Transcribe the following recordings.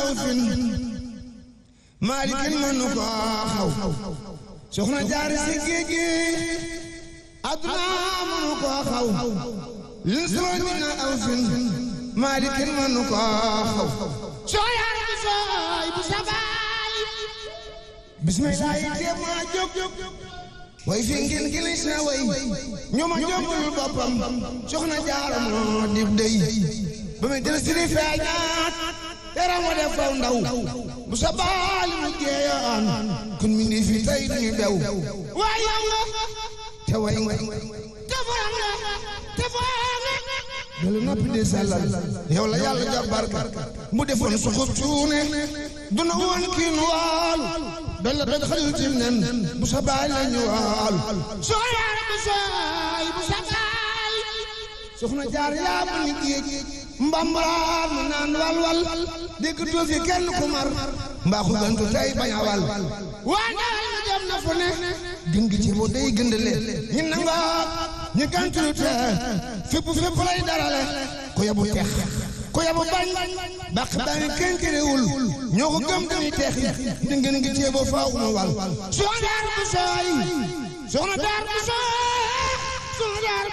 aw fin maalikin mënu ko xaw soxna jaar si géej gi aduna mënu ko xaw lin sooñi na aw fin maalikin mënu ko xaw sooyaan bu sooy bu sabaay bismillah tee ma jóg way fi ngeen gilis na way ñu ma jombul boppam soxna jaar moo dib day ba ma del siri feeñaat yaram wa def ndaw bu sa baal mu jeeyaan kun mi ni fi tey ñu bew waay yow nga te way nga te faa nga te faa nga dala noppi de sellal yow la yàlla mu defoon suxub cuune du na woon kiin waal dala doj xajul ci nen bu sa baal la ñu waal bu saay bu sa baal soxna jaar yaa bu nit yéeg mbambaraar mu naan walwal dégg tuuf yi kenn ku mar mbaa ku gantu tey bañ a wal waa ndawal na jëm na fu ne dindi ci bu day gëndale ñi nangoo ñi gantu te fépp fépp lay darale ku yabu tex ku yabu bañ bàq baa ngi kenn kéréwul ñoo ko gëm gëm teex yi di ngeen ngi ceeboo faaw uma wal soxna daar bu sooy soxna daar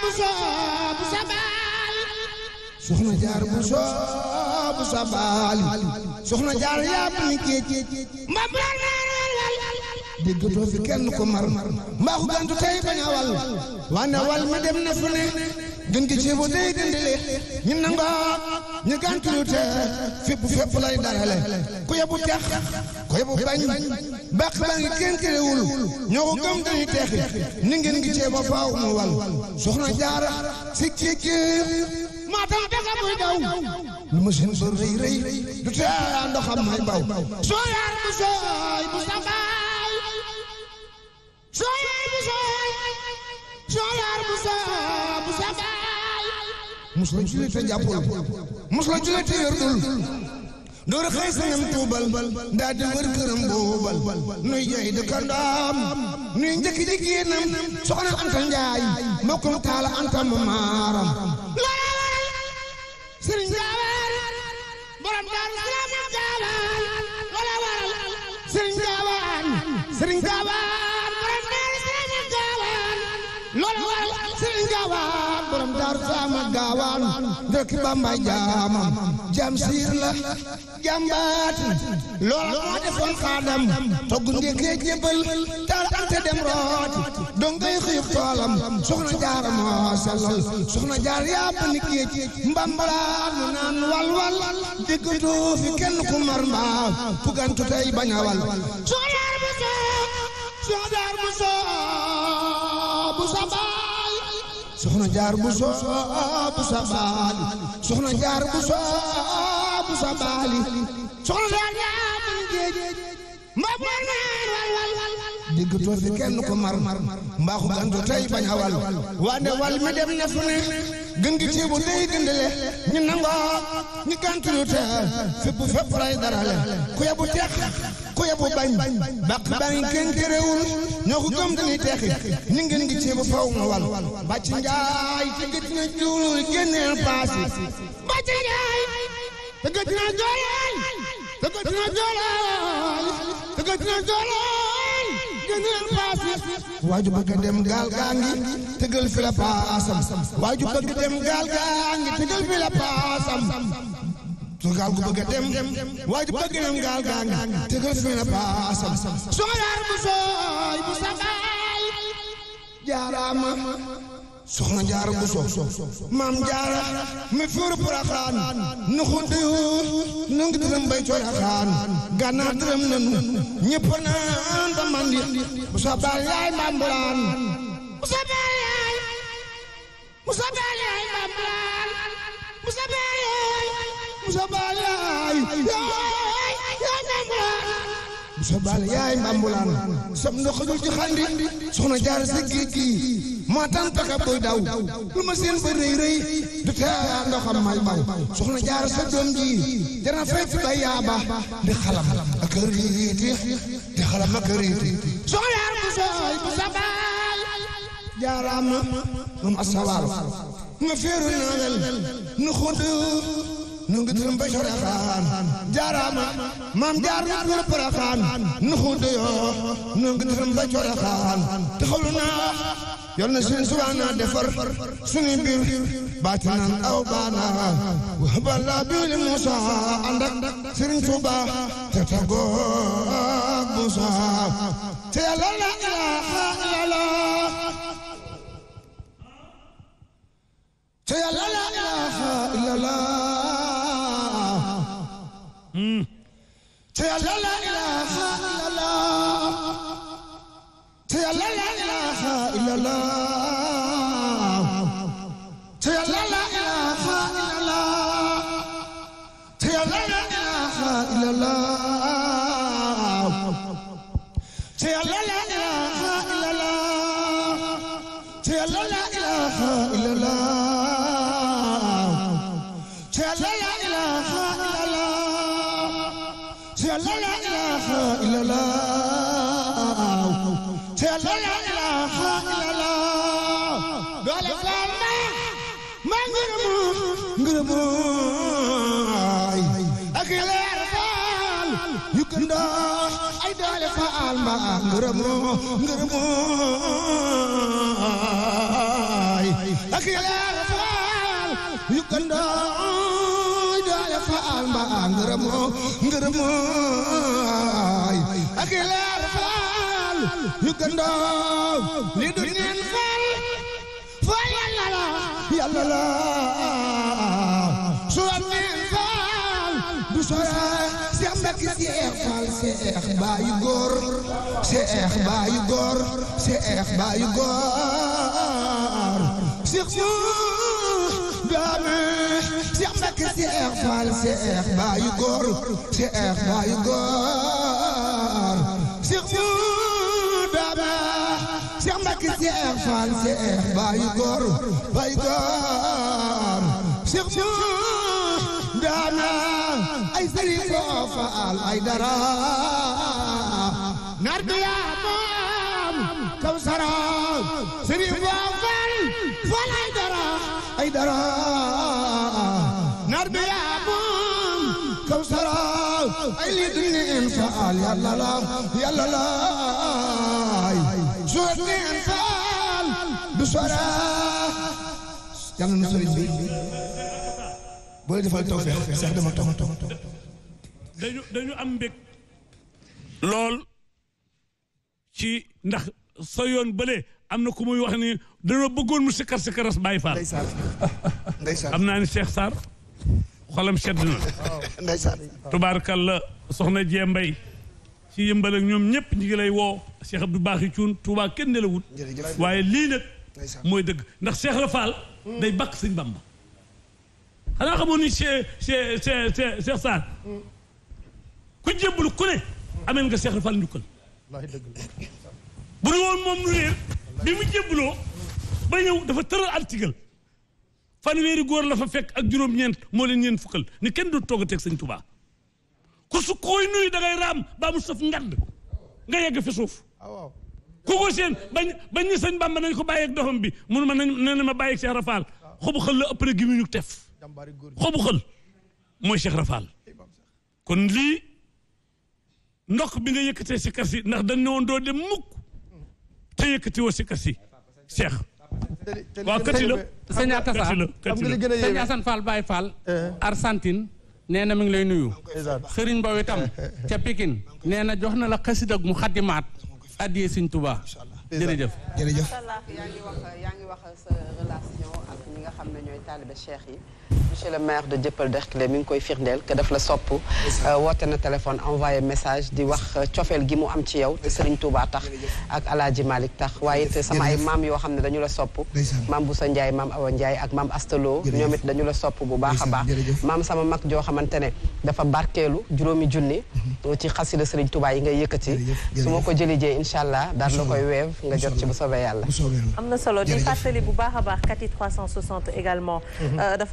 bu soo soxna jaar bu soo bu sa baali soxna jaar yaa bu ni kéej mbab la déggatoo fi kenn ko mar mbaa ko gantu tey bañ a wal wane wal ma dem na fu ne gën gi ceebo day dindile ñu nangoo ñu gantu lu te fépp fépp lay dalale ku yebu tex ku yebu bañ bàq baa ngi ñoo ko gëm dañuy ni ngeen gi ceebo faaw mu wal soxna jaara si kéej maa tax daga muy daw lu ma seen bër rëy rëy du tee ndoxam may baw soo bu sooy bu sambaay soo bu sooy bu sooy mus la julee te jàppul mus la julee te yërdul tuubal ndaa di wër këram boobal nuy jooy dëkkandoom nuy njëkki jigéenam soxna Anta Njaay mbokkam taala Anta ma maaram sëriñ Jaara borom Daaru fekk bamba jaamam jam siir la jambaat loola moo defoon xaadam togg ndekkee jébbal taal am te dem rooti dongay xiif toolam soxna jaar moo sellal soxna jaar yaa bënn géej mbambalaat nu naan wal wal diggatu fi kenn ku mar mbaa tey bañ a wal bu soog soxna jaar bu soog soxna jaar bu soo bu sa baali soxna jaar bu soo bu sa baali jaar yaa man géej ma bor naan wal wal wal digg too fi kenn ko mar tey bañ a wal waane wal mi dem na fu ne gën gi tiibu dey gëndale ñu nangoo ñu gantu lu teel fépp fépp lay darale ku yabu teex ku yebu bañ bàq baa ngi kenn terewul ñoo ko gëm dañuy teexi ñu ngeen ngi ceebu faw nga wal bàcc njaay te gëj na juul génneel a bàcc njaay te gëj na joolal te gëj na joolal te gëj na joolal ngi tëgal fi la paasam waaju bëgg su gaal dem waaye bëgg dem gaal gaal te ka fi na paasam su ma yaar bu sooy bu sa gaal jaaraama soxna jaara bu so maam jaara mi fuuru puraxaan nu xuddiyu nu ngi dërëm bay coyaxaan gànnaar dërëm nanu ñëpp naan ba mandi bu sa baal yaay mbambulaan bu sa yaay bu sa baal Musa Baal yaay yaay Musa Baal yaay mbambulaan sam ndox dul ci xandi soxna jaar sa géej gi maa tan taka boy daw lu ma seen ba rëy rëy du tee ndoxam may baw soxna jaar sa doom ji dana fekk ba yaaba di xalam ak riiti di xalam ak riiti soxna Musa Baal jaaraam na moom asawaar nga féeru naanal nu xudd nu ngi turum bay Soroxaan maam jaar na tuur nu xuutu nu ngi turum bay Soroxaan taxawlu naa yal na seen subaana defar suñu biir baatinan aw baana wa balla biili Muusa ànd ak Sëriñ Tuuba te taggoog Muusa te yàlla la ilaaha yàlla la ilaha illallah te yàlla la ilaha illallah ngërëmoo ngërëmooy ak yàlla faal yu gandooy daale faal mbaa ngërëmoo ngërëmooy ak yàlla yu gën daaw li du ngeen xaar fa yàlla la yàlla la su la ngeen faal du sore Seex Mbàkke Seex Faal Seex baayu góor Seex baayu góor Seex baayu góor Seex Seex Mbàkke Seex Faal Seex baayu góor Seex baayu góor barke Cheikh Fall Cheikh Baye Góor Baye Góor Cheikh Mouh daana ay sëriñ koo Fall ay dara nar bi yaa moom kaw sara sëriñ koo Fall Fall ay dara ay dara nar bi yaa moom kaw sara ay lii duñu leen Fall yàlla la yàlla la du sora yàlla na sëriñ bi boo leen defal tawfeex seex dafa taw taw taw dañu dañu am mbég lool ci ndax sa yoon bële am na ku muy wax ni dañoo bëggoon mu sikkar sikkaras Baay Faal ndeysaan am naa ni Cheikh Sarr xolam sedd na ndeysaan tubaarkal la soxna Jee Mbay ci yëmbal ak ñoom ñëpp ñi ngi lay woo Cheikh Abdou Bakhi Thioune Touba kenn ne la wut waaye lii nag mooy dëgg ndax Cheikh Rafal hmm. day bakk sëñ Bamba xanaa xamoon ni Cheikh Cheikh Cheikh Cheikh Sarr hmm. ku jébbalu ku ne ameen nga Cheikh Rafal njukkal bu dul woon moom nu réer bi mu jébbaloo ba ñëw dafa tëral article fanweeri góor la fa fekk ak juróom-ñeent moo leen ñeent fukkal ni kenn du togg a teg sëñ Touba ku su koy nuyu da raam baa mu sëf ngadd nga yegg fi suuf ah, ku ko seen bañ bañ ñu sëñ ba nañ ko bàyyeeg doxam bi mun ma nañ na ma bàyyeeg Cheikh Rafaal xobu xël la gi mu ñu tef xobu mooy Cheikh Rafaal kon lii ndokk bi nga yëkkatee si kar si ndax dañ ne woon doo dem mukk te yëkkati woo si kar si Cheikh waaw kati la kati la xam nga li gën a yéeme sëñ Assane nee na mi ngi lay nuyu sëriñ Mbow itam ca Pikine nee na jox na la xasida ak mu xaddimaat addiyee Sëriñ Tuubaa jërëjëf jërëjëf yaa ngi wax yaa ngi ak ñi nga xam ne ñooy taalibe cheikh yi monsieur le maire de Dieuppeul Derklé mi ngi koy firndeel que daf la sopp euh, woote na téléphone envoyé message di wax euh, cofeel gi mu am ci yow te Serigne Touba tax ak Alaaji Malick tax waaye it sama ay maam yoo xam ne dañu la sopp maam sa njaay maam Awa njaay ak maam Astaloo ñoom it dañu la sopp bu baax a baax maam sama mag joo xamante ne dafa barkeelu juróomi junni mhm. ci xasida Serigne Touba yi ngay yëkkati su ma ko jëlijee incha allah daal la koy weev nga jot ci bu soobee yàlla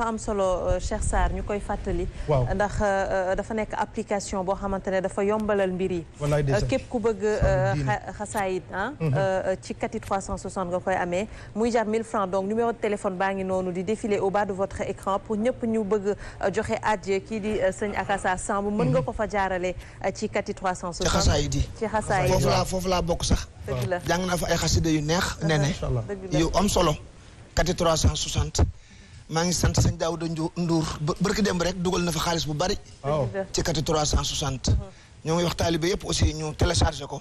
am a Euh, Cheikh Sarr ñu koy fàttali. ndax euh, euh, dafa nekk application boo xamante ne dafa yombalal mbir yi. képp ku bëgg xasaayit ah. Mhm. ci kati 360 nga koy amee muy jar 1000 francs donc numéro de téléphone baa ngi noonu di défiler au bas de votre écran pour ñëpp ñu bëgg joxe adje kii di sëñ Akassa Samb mën nga mhm. ko fa jaarale ci kati 360. ci xasaayit yi ci foofu laa bokk sax. la jàng naa fa ay xasida yu neex. nene yu am solo kati 360. maa ngi sant sañ sëñ Daouda Ndour barki démb rek dugal na fa xaalis bu bari ci kati trois cent soixante mhm. ñoo ngi wax taalibe yëpp aussi ñu téléchargé ko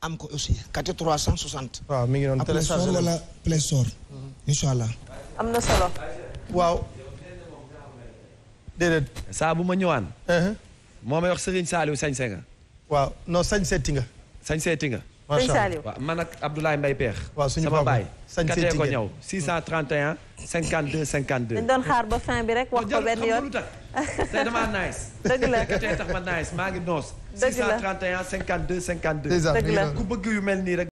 am ko aussi kati trois cent soixante waaw mi ngi doon téléchargé wala Play Store mhm. incha allah am na solo waaw déedéet saa bu ma ñëwaan uh-huh. moo may wax Serigne Saliou sañse nga waaw noo sañ seeti nga sañ seeti nga macha allah waaw man ak Abdoulaye Mbaye Peex. waaw suñu sama baay. sañ katee ko ñëw 631 52 52. dañ doon xaar ba fin bi rek wax ko benn yoon tey damaa nice. dëgg la katee tax ma nice maa ngi noos. dëgg la 631 52 dëgg la ku bëgg yu mel nii rek.